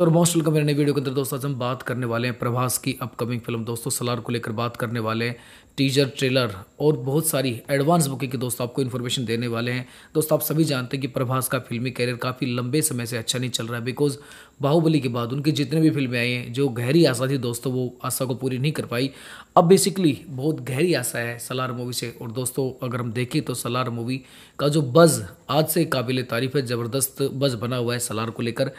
और most welcome मेरे नए वीडियो के अंदर दोस्तों आज हम बात करने वाले हैं प्रभास की अपकमिंग फिल्म दोस्तों सलार को लेकर बात करने वाले हैं टीजर ट्रेलर और बहुत सारी एडवांस बुकिंग की दोस्तों आपको इन्फॉर्मेशन देने वाले हैं दोस्तों आप सभी जानते हैं कि प्रभास का फिल्मी करियर काफ़ी लंबे समय से अच्छा नहीं चल रहा है बिकॉज बाहुबली के बाद उनकी जितने भी फिल्में आई हैं जो गहरी आशा थी दोस्तों वो आशा को पूरी नहीं कर पाई अब बेसिकली बहुत गहरी आशा है सलार मूवी से और दोस्तों अगर हम देखें तो सलार मूवी का जो बज़ आज से काबिल तारीफ है ज़बरदस्त बज़ बना हुआ है सलार को लेकर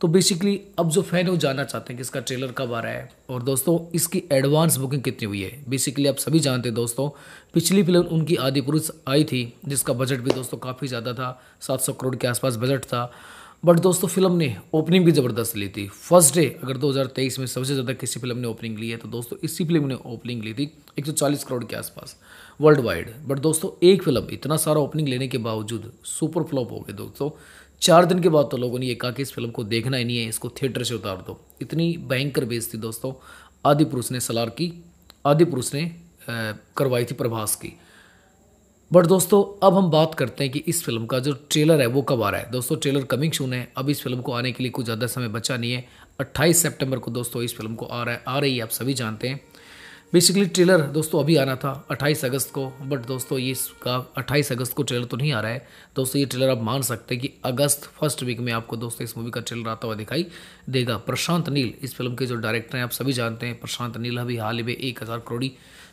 तो बेसिकली अब जो फ़ैन है वो जानना चाहते हैं कि इसका ट्रेलर कब आ रहा है और दोस्तों इसकी एडवांस बुकिंग कितनी हुई है बेसिकली आप सभी जानते हैं दोस्तों पिछली फिल्म उनकी आदि पुरुष आई थी जिसका बजट भी दोस्तों काफ़ी ज़्यादा था 700 करोड़ के आसपास बजट था बट दोस्तों फिल्म ने ओपनिंग भी ज़बरदस्त ली थी फर्स्ट डे अगर दो में सबसे ज़्यादा किसी फिल्म ने ओपनिंग ली है तो दोस्तों इसी फिल्म ने ओपनिंग ली थी एक करोड़ के आसपास वर्ल्ड वाइड बट दोस्तों एक फिल्म इतना सारा ओपनिंग लेने के बावजूद सुपर फ्लॉप हो गए दोस्तों चार दिन के बाद तो लोगों ने ये कहा कि इस फिल्म को देखना ही नहीं है इसको थिएटर से उतार दो इतनी भयंकर बेस थी दोस्तों आदि पुरुष ने सलार की आदि पुरुष ने करवाई थी प्रभास की बट दोस्तों अब हम बात करते हैं कि इस फिल्म का जो ट्रेलर है वो कब आ रहा है दोस्तों ट्रेलर कमिंग शून है अब इस फिल्म को आने के लिए कुछ ज़्यादा समय बचा नहीं है 28 सितंबर को दोस्तों इस फिल्म को आ रहा है आ रही है आप सभी जानते हैं बेसिकली ट्रेलर दोस्तों अभी आना था 28 अगस्त को बट दोस्तों ये इसका 28 अगस्त को ट्रेलर तो नहीं आ रहा है दोस्तों ये ट्रेलर आप मान सकते हैं कि अगस्त फर्स्ट वीक में आपको दोस्तों इस मूवी का ट्रेलर आता हुआ दिखाई देगा प्रशांत नील इस फिल्म के जो डायरेक्टर हैं आप सभी जानते हैं प्रशांत नील अभी हाल ही में एक हज़ार करोड़ी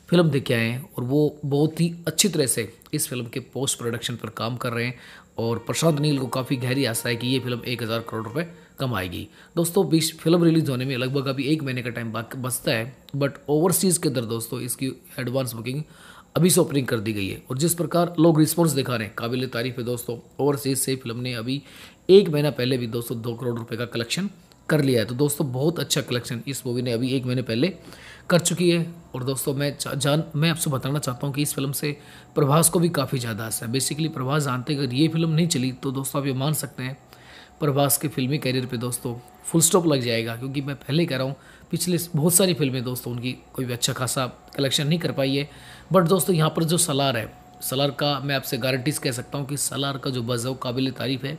फिल्म देख के आए हैं और वो बहुत ही अच्छी तरह से इस फिल्म के पोस्ट प्रोडक्शन पर काम कर रहे हैं और प्रशांत नील को काफ़ी गहरी आशा है कि ये फिल्म एक हज़ार करोड़ रुपए कमाएगी दोस्तों बीच फिल्म रिलीज़ होने में लगभग अभी एक महीने का टाइम बचता है बट ओवरसीज़ के अंदर दोस्तों इसकी एडवांस बुकिंग अभी से ओपनिंग कर दी गई है और जिस प्रकार लोग रिस्पॉन्स दिखा रहे हैं काबिल तारीफ है दोस्तों ओवरसीज़ से फिल्म ने अभी एक महीना पहले भी दोस्तों दो करोड़ रुपये का कलेक्शन कर लिया है तो दोस्तों बहुत अच्छा कलेक्शन इस मूवी ने अभी एक महीने पहले कर चुकी है और दोस्तों मैं जान मैं आपसे बताना चाहता हूँ कि इस फिल्म से प्रभास को भी काफ़ी ज़्यादा असर है बेसिकली प्रभास जानते अगर ये फिल्म नहीं चली तो दोस्तों आप ये मान सकते हैं प्रभास के फिल्मी करियर पे दोस्तों फुल स्टॉप लग जाएगा क्योंकि मैं पहले कह रहा हूँ पिछले बहुत सारी फिल्में दोस्तों उनकी कोई भी अच्छा खासा कलेक्शन नहीं कर पाई है बट दोस्तों यहाँ पर जो सलार है सलार का मैं आपसे गारंटीज कह सकता हूँ कि सलार का जो बज़ है वो काबिल तारीफ़ है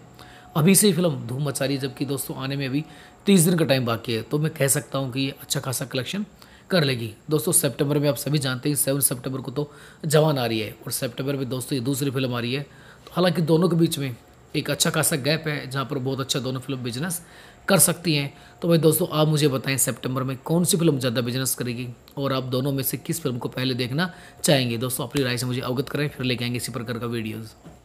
अभी से ही फिल्म धूम मचा रही है जबकि दोस्तों आने में अभी तीस दिन का टाइम बाकी है तो मैं कह सकता हूँ कि ये अच्छा खासा कलेक्शन कर लेगी दोस्तों सितंबर में आप सभी जानते हैं सेवन सितंबर को तो जवान आ रही है और सितंबर में दोस्तों ये दूसरी फिल्म आ रही है तो हालांकि दोनों के बीच में एक अच्छा खासा गैप है जहाँ पर बहुत अच्छा दोनों फिल्म बिजनेस कर सकती हैं तो भाई दोस्तों आप मुझे बताएं सितंबर में कौन सी फिल्म ज़्यादा बिजनेस करेगी और आप दोनों में से किस फिल्म को पहले देखना चाहेंगे दोस्तों अपनी राय से मुझे अवगत करें फिर लेके आएंगे इसी प्रकार का वीडियोज़